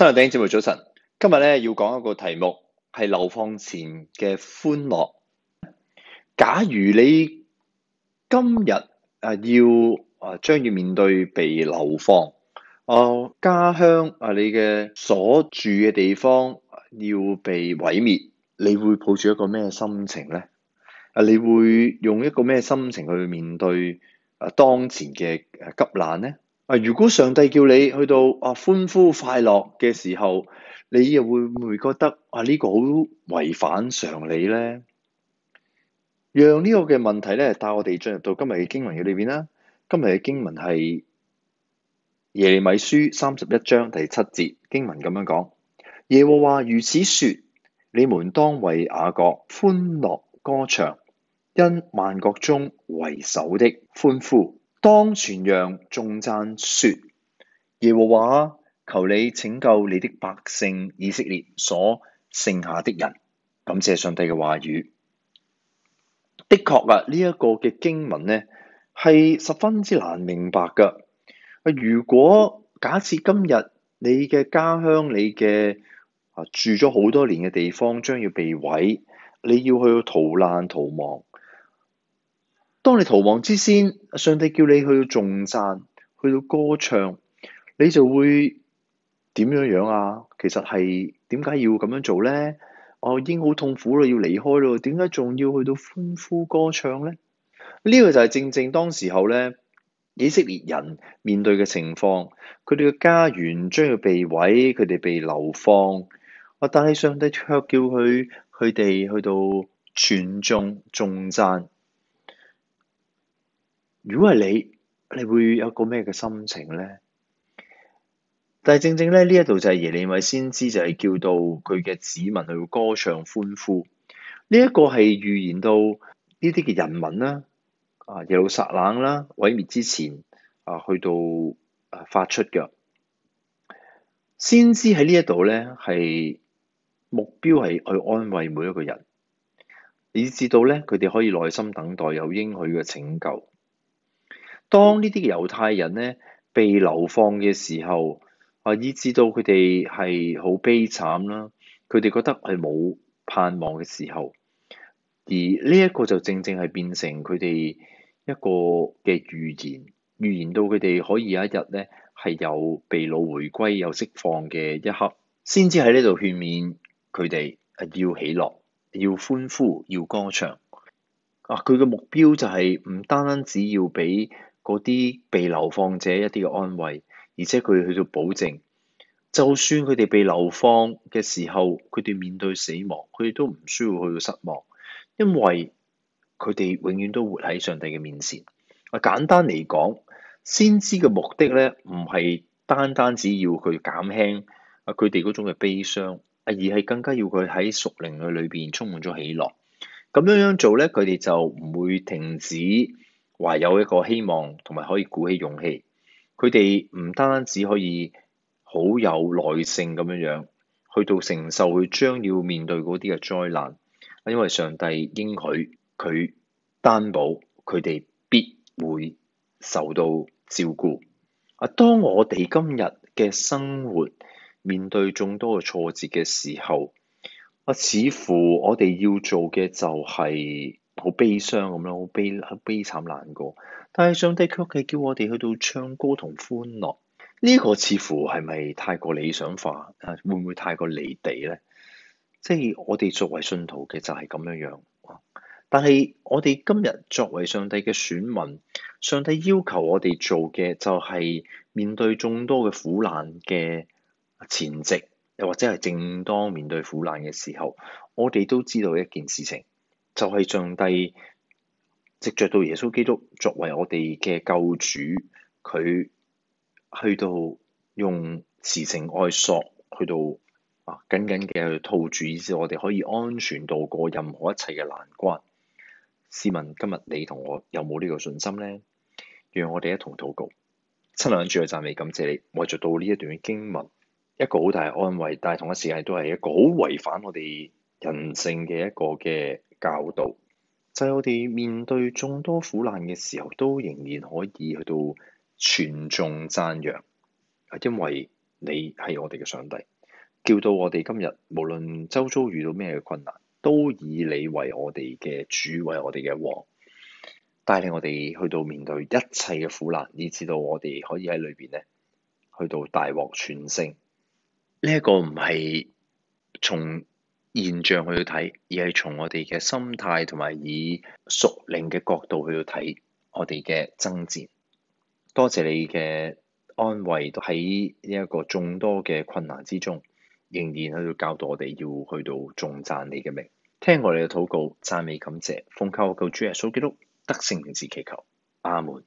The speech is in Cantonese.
新浪電節目早晨，今日咧要講一個題目係流放前嘅歡樂。假如你今日啊要啊將要面對被流放，啊家鄉啊你嘅所住嘅地方要被毀滅，你會抱住一個咩心情咧？啊你會用一個咩心情去面對啊當前嘅誒急難咧？啊！如果上帝叫你去到啊歡呼快樂嘅時候，你又會唔會覺得啊呢個好違反常理咧？讓呢個嘅問題咧帶我哋進入到今日嘅經文嘅裏邊啦。今日嘅經文係耶利米書三十一章第七節，經文咁樣講：耶和華如此說，你們當為雅各歡樂歌唱，因萬國中為首的歡呼。當傳揚頌讚說：耶和華，求你拯救你的百姓以色列所剩下的人。感謝上帝嘅話語。的確啊，呢、這、一個嘅經文呢係十分之難明白噶。如果假設今日你嘅家鄉、你嘅啊住咗好多年嘅地方將要被毀，你要去逃難逃亡。當你逃亡之先，上帝叫你去到頌讚、去到歌唱，你就會點樣樣啊？其實係點解要咁樣做咧？我、哦、已經好痛苦啦，要離開啦，點解仲要去到歡呼歌唱咧？呢、這個就係正正當時候咧，以色列人面對嘅情況，佢哋嘅家園將要被毀，佢哋被流放。但係上帝卻叫佢佢哋去到傳頌頌讚。頌讚如果係你，你會有個咩嘅心情咧？但係正正咧呢一度就係耶利米先知就係叫到佢嘅子民去歌唱歡呼。呢一個係預言到呢啲嘅人民啦，啊耶路撒冷啦，毀滅之前啊，去到啊發出嘅，先知喺呢一度咧，係目標係去安慰每一個人，以至到咧佢哋可以耐心等待有應許嘅拯救。當呢啲猶太人咧被流放嘅時候，啊，以至到佢哋係好悲慘啦，佢哋覺得係冇盼望嘅時候，而呢一個就正正係變成佢哋一個嘅預言，預言到佢哋可以有一日咧係有被擄回歸、有釋放嘅一刻，先至喺呢度勸勉佢哋要喜樂、要歡呼、要歌唱。啊，佢嘅目標就係唔單單只要俾。嗰啲被流放者一啲嘅安慰，而且佢去到保證，就算佢哋被流放嘅時候，佢哋面對死亡，佢哋都唔需要去到失望，因為佢哋永遠都活喺上帝嘅面前。啊，簡單嚟講，先知嘅目的咧，唔係單單只要佢減輕啊佢哋嗰種嘅悲傷，啊，而係更加要佢喺屬靈嘅裏邊充滿咗喜樂，咁樣樣做咧，佢哋就唔會停止懷有一個希望，同埋可以鼓起勇氣。佢哋唔單止可以好有耐性咁樣樣，去到承受佢將要面對嗰啲嘅災難。因為上帝應許佢擔保，佢哋必會受到照顧。啊，當我哋今日嘅生活面對眾多嘅挫折嘅時候，啊，似乎我哋要做嘅就係⋯⋯好悲傷咁樣，好悲、悲慘、難過。但係上帝卻係叫我哋去到唱歌同歡樂。呢、這個似乎係咪太過理想化啊？會唔會太過離地咧？即、就、係、是、我哋作為信徒嘅就係咁樣樣。但係我哋今日作為上帝嘅選民，上帝要求我哋做嘅就係面對眾多嘅苦難嘅前夕，又或者係正當面對苦難嘅時候，我哋都知道一件事情。就係上帝藉着到耶穌基督作為我哋嘅救主，佢去到用慈繩愛索去到啊緊緊嘅套住，以致我哋可以安全渡過任何一切嘅難關。試問今日你同我有冇呢個信心咧？讓我哋一同禱告，親愛嘅主嘅讚美感謝你。藉着到呢一段嘅經文，一個好大嘅安慰，但係同一時間都係一個好違反我哋人性嘅一個嘅。教導，就係、是、我哋面對眾多苦難嘅時候，都仍然可以去到全眾讚揚，因為你係我哋嘅上帝，叫到我哋今日無論周遭遇到咩困難，都以你為我哋嘅主，為我哋嘅王，帶領我哋去到面對一切嘅苦難，以至到我哋可以喺裏邊咧，去到大獲全勝。呢、這、一個唔係從現象去到睇，而係從我哋嘅心態同埋以，以屬靈嘅角度去到睇我哋嘅爭戰。多謝你嘅安慰，喺呢一個眾多嘅困難之中，仍然喺度教導我哋要去到重讚你嘅名。聽我哋嘅禱告，讚美感謝，奉靠救主耶穌基督得勝名字祈求，阿門。